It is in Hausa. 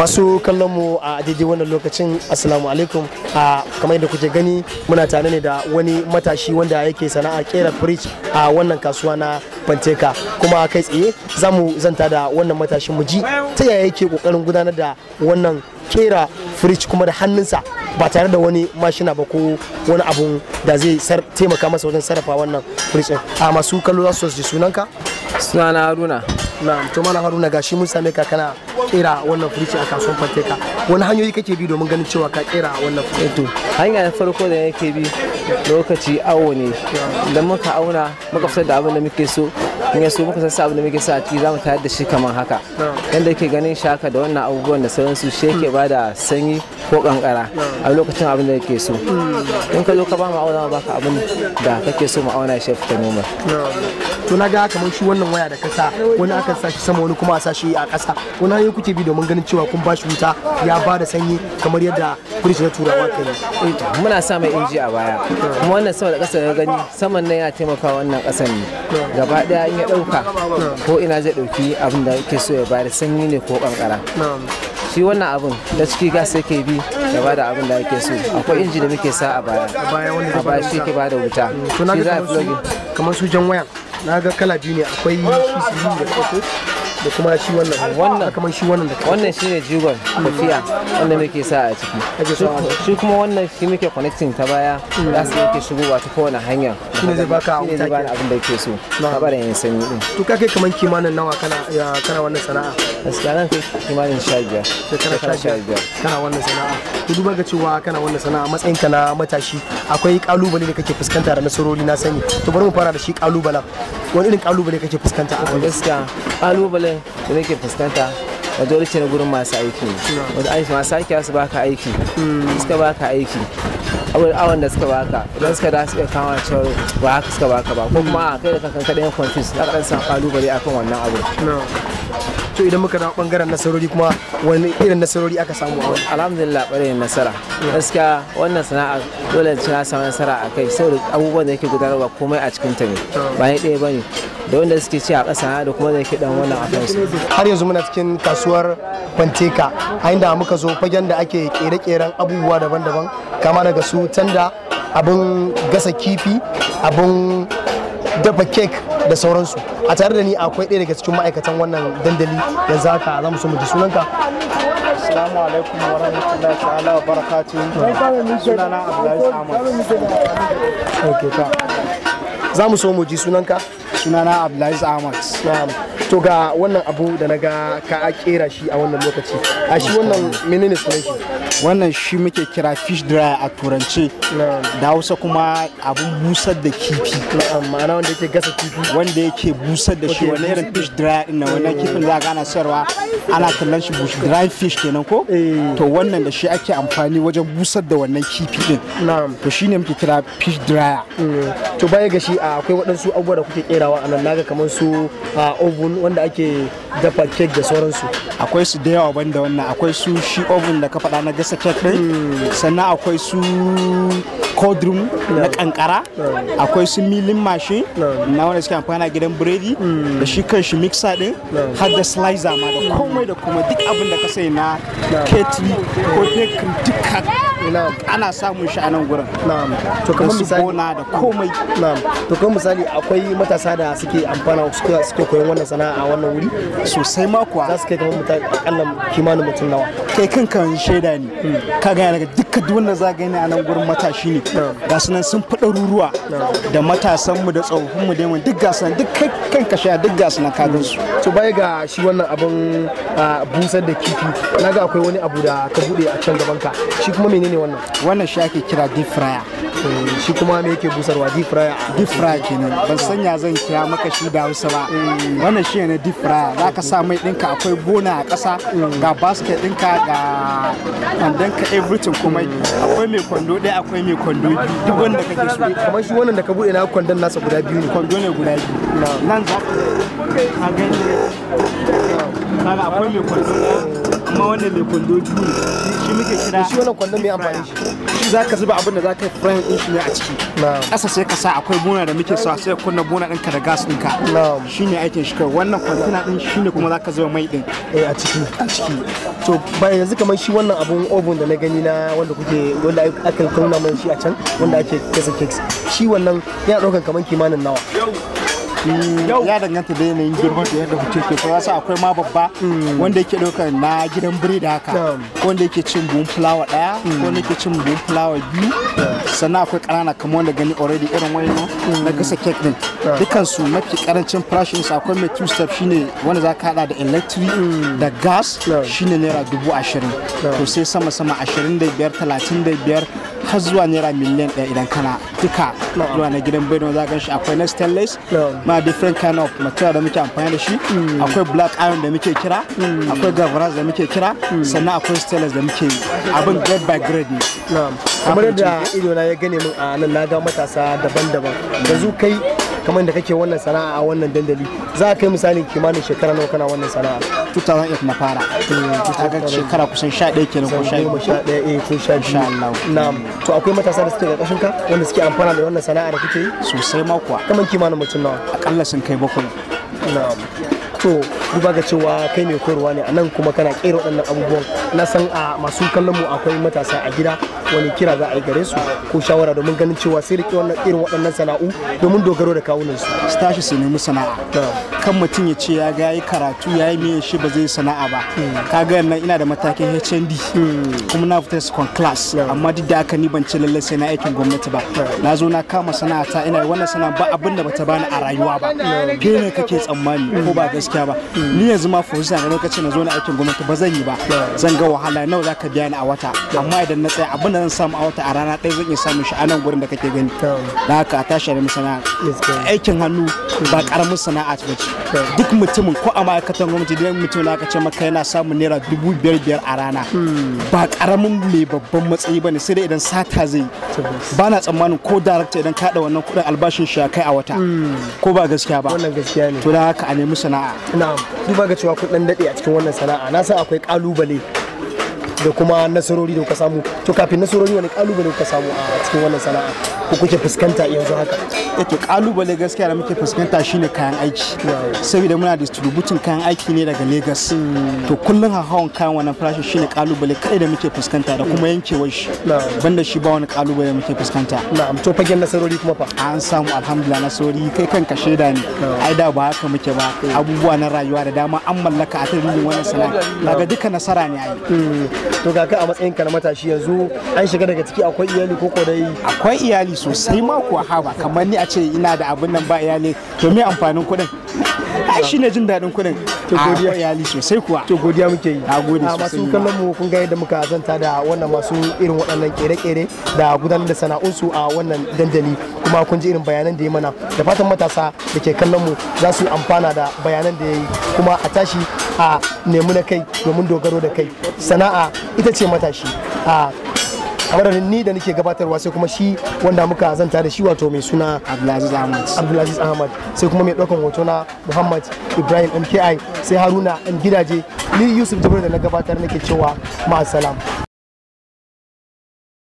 masu kallon mu a daidai wannan lokacin assalamu alaikum a kamar yadda kuke gani muna tare ne da wani matashi wanda yake sana'a kera fridge a wannan kasuwa na fanteka kuma kai tsaye za mu zanta da wannan matashin mu ji ta yaya yake kokarin gudanar da wannan kera fridge kuma da hannunsa ba tare da wani mashina ba ko wani abun da zai taimaka masa wajen sarrafa wannan fridge a masu kallo za su ji sunanka sunana haruna na'am to mana haruna gashi mun same ka kana kera wannan furici a kasuwar fanteka wani hanyoyi kake bi domin ganin cewa ka kera wannan furici eh hanya na farko da yake bi lokaci awo ne idan muka auna muka fitar da abin da muke so in ya muka sassa abu da muke sa a ciki zamu tayar da shi kamar haka yanda yake ganin shaka da wannan abubuwan da sauransu shi yake hmm. da sanyi ko kankara a lokacin abin da yake so hmm. in ka zo ka ba mu auna baka abin da kake so mu auna shi ta noma to na ga kamar shi wannan waya da sa wani aka sa shi sama wani kuma a sa shi a kasa wani hanyoyi kuke bi domin ganin cewa kun ba shi wuta ya ba da sanyi kamar yadda kun na turawa kan yi eh muna sa mai inji a baya kuma wannan sama da kasa ya gani saman nan ya taimaka wannan kasan ne gaba daya ya dauka ko ina zai ɗauki abin da ke so ya bayar sanyi ne ko kankara shi wannan abin da ciki gas ke bi ya bada abin da ake so akwai inji da muke sa a baya a baya shi ke bada wuta mm. shi za a kamar su jan waya na ga kala biyu ne akwai shi su da da kuma shi wannan wannan kamar shi wannan da wannan shine jigon tafiya wannan muke sa a ciki shi kuma wannan shi muke connecting ta baya da hmm. su yake shigowa ta kowane hanya ne zai baka abin da abin da yake so ka bada yin sanyi din to kake kamar kimanin nawa kana kana wannan sana'a gaskiya nan kai kimanin 15 shekara 15 kana wannan sana'a to duba ga cewa kana wannan sana'a matsayin ka na matashi akwai kalubale da kake fuskanta da nasarori na sani to bari mu fara da shi kalubalen wani irin kalubale kake fuskanta a gaskiya kalubalen da nake fuskanta a dole ce na gurin masu aiki wanda aiki masu aiki su baka aiki hmm. suka baka aiki awon da suka baka idan suka da suka kama cewar ba haka suka baka ba ko kuma kai da kankan kaɗayan confuse za ka ɗan samu kalubale akan wannan abu to idan muka dawo bangaren nasarori kuma wani irin nasarori aka samu a wani alhamdulillah ɓarin nasara gaskiya wannan sana'a dole ne na samu nasara a kai sai abubuwan da yake gudanarwa komai a cikin ta ne ba ni ɗaya bane da wanda suke ci a ƙasa da kuma da yake dan wannan a su. har yanzu muna cikin kasuwar Fanteka a inda muka zo fagen da ake kere-keren abubuwa daban-daban kama daga su tanda abin gasa kifi abun dafa kek da sauransu a tare da ni akwai ɗaya daga cikin ma'aikatan wannan dandali da haka za mu so mu ji sunanka Assalamu alaikum wa rahmatullahi ta'ala wa barakatuhu. Sunana Abdullahi Ahmad. Okay, Za mu so mu ji sunanka? Sunana Abdullahi Ahmad. to ga wannan abu da na ga ka kera shi a wannan lokaci a shi wannan menene sunan shi wannan shi muke kira fish dry a turance da hausa kuma abun busar da kifi ma'ana wanda yake gasa kifi wanda yake busar da shi wani irin fish dry din nan wannan kifin za a gana sayarwa ana kallon shi bush dry fish kenan ko eh. to wannan da shi ake amfani wajen busar da wannan kifi din to shine muke kira fish dryer eh. to baya ga shi akwai waɗansu abubuwa da kuke kerawa a nan naga kamar su oven wanda ake dafa cake da sauransu akwai su da yawa banda wannan akwai su shi oven da ka faɗa na gasa cake din hmm. sannan akwai su cold room na kankara akwai su milling machine. na wanda suke amfani a gidan biredi hmm. da shi kan shi mixer din har da slicer ma da komai da komai duk abin da ka sai na ketri ko bakery duka ana samun shi a nan gurin to kamar misali na da komai to kamar misali akwai matasa da suke amfana suke koyon wannan sana'a a wannan wuri sosai ma kuwa za su kai kamar mutane akalla kimanin mutum nawa kai kan shaida ne hmm. ka ga daga duk duka wannan za ne a nan gurin matashi ne ga nan sun fi ɗaruruwa da matasanmu da tsofaffin da yawan duk gasu nan duk kan kasha duk gasu nan kagan su to baya ga shi wannan abin busar da kifi na ga akwai wani abu da ka bude a can gaban ka shi kuma menene wannan wannan shi ake kira deep fryer Eh, shi kuma me yake busarwa deep fry deep fry kenan ban sanya zan kiya maka shi da Hausa ba eh. wannan shi ne deep fry za ka sa mai ɗinka akwai gona a ƙasa eh. ga basket ɗinka ga ka everything kuma akwai mai kwando ɗaya akwai mai kwando biyu duk wanda kake so kamar shi wannan da ka buɗe na kwandon nasa guda biyu ne kwando ne guda biyu nan za ka ga akwai mai kwando amma wannan mai kwando biyu shi muke kira shi wannan kwando mai amfani shi shi za ka zuba abin da za ka yi frying din shi ne a ciki ƙasa sai ka sa akwai buna da muke sa sai kunna buna ɗinka da gas ɗinka shi ne aikin shi kawai wannan kwantena ɗin shi ne kuma za ka zuba mai ɗin eh, a ciki a ciki to ba yanzu kamar shi wannan abun oven da na gani na wanda kuke wanda aka kauna mai shi a can wanda ake kesa cakes shi wannan yana ɗaukar kamar kimanin nawa Eh, ya danganta da yanayin girman da yadda mutum ke kuma sa akwai ma babba mm. wanda yake ɗaukar na gidan biredi haka wanda yake cin buhun fulawa ɗaya mm. wanda yake cin buhun fulawa biyu sannan akwai ƙanana kamar wanda gani already irin wani mm. na gasa kek din dukkan su mafi karancin farashin su akwai mai two step shine wanda za ka da electric da gas shine naira dubu ashirin to sai sama sama ashirin da biyar talatin da biyar har zuwa naira miliyan ɗaya idan kana duka zuwa na gidan bai za gan shi akwai na stainless ma different kind of material da muke amfani da shi mm. akwai black iron da muke kira mm. akwai gavaras da muke kira mm. sannan akwai stainless da muke abin grade by grade ne kamar da ido na ya gane min a nan na ga matasa daban-daban zu kai kamar da kake wannan sana'a a wannan dandali za ka kai misalin kimanin shekara nawa kana wannan sana'a 2008 na fara kaga eh, shekara kusan 11 kenan ko 11 eh ko 12 insha Allah na'am to akwai matasa da suke da kashin ka wanda suke amfana da wannan sana'a da kuke yi sosai ma kuwa kamar kimanin mutum nawa akalla sun kai bakwai na'am to duba ga cewa kai mai koyarwa ne a nan kuma kana kera waɗannan abubuwan na san a masu kallon mu akwai matasa a gida wani kira za a yi gare su ko shawara domin ganin cewa sai rike wannan irin waɗannan sana'u domin dogaro da kawunan su stashi su nemi sana'a kan mutum ya ce ya ga yi karatu ya yi miyan shi ba zai sana'a ba hmm. ka nan ina da matakin HND hmm. kuma na fita second class amma duk da haka ni ban ci lallai sai na aikin gwamnati ba na zo na kama sana'a ta ina wannan sana'a ba abin da bata bani a rayuwa ba ke ne kake tsammani ko ba gaskiya gaskiya ba ni yanzu ma furusa na lokacin na zo na aikin gwamnati ba zan yi ba zan ga wahala nawa zaka biya ni a wata amma idan na tsaya abin da zan samu a wata a rana ɗaya zan iya samun shi a nan gurin da kake gani da haka a tashi da sana'a aikin hannu ba karamin sana'a ba ce duk mutumin ko a ma'aikatan gwamnati idan mutum na ce maka yana samun naira dubu biyar biyar a rana ba karamin mai babban matsayi ba ne sai dai idan sata zai ba na tsammanin ko darakta idan kaɗa wannan kuɗin albashin shi kai a wata ko ba gaskiya ba wannan to da haka a nemi sana'a na'am duba ga cewa kun ɗan dade a cikin wannan sana'a na san akwai ƙalubale. da kuma nasarori da kuka samu to kafin nasarori wani kalubale kuka samu a cikin wannan sana'a ko kuke fuskanta yanzu haka eh to kalubale gaskiya da muke fuskanta shine kayan aiki saboda muna distributin kayan aiki ne daga Lagos hmm. to kullun hawan kayan wannan farashin shine kalubale kai da muke fuskanta da kuma hmm. yankewar shi banda shi ba wani kalubale muke fuskanta na'am to fagen nasarori kuma fa an samu alhamdulillah nasarori kai kanka sheda ne ai da ba haka muke ba hmm. abubuwa na rayuwa da dama an mallaka a tarihin wannan sana'a daga duka nasara ne ai to ga kai a matsayin ka na matashi yanzu an shiga daga ciki akwai iyali ko ko dai akwai iyali sosai ma kuwa haba kamar ni a ce ina da abin nan ba iyali to me amfanin kuɗin ai shine jin daɗin kuɗin to ah. godiya iyali sosai kuwa to godiya muke yi a ah, sosai masu kallon mu kun ga yadda muka zanta da wannan masu irin waɗannan kere-kere da gudanar da sana'unsu a wannan dandali kuma kun ji irin bayanan da ya mana da fatan matasa da ke kallon mu za su amfana da bayanan da ya yi kuma a tashi a nemi na kai domin dogaro da kai sana'a ita ce matashi a ah. a ni da nake gabatarwa sai kuma shi wanda muka zanta da shi wato mai suna Abdulaziz Ahmad Abdulaziz Ahmad sai kuma mai daukan hoto na Muhammad Ibrahim MKI sai Haruna an gidaje ni Yusuf Jibril da na gabatar nake cewa ma'asalam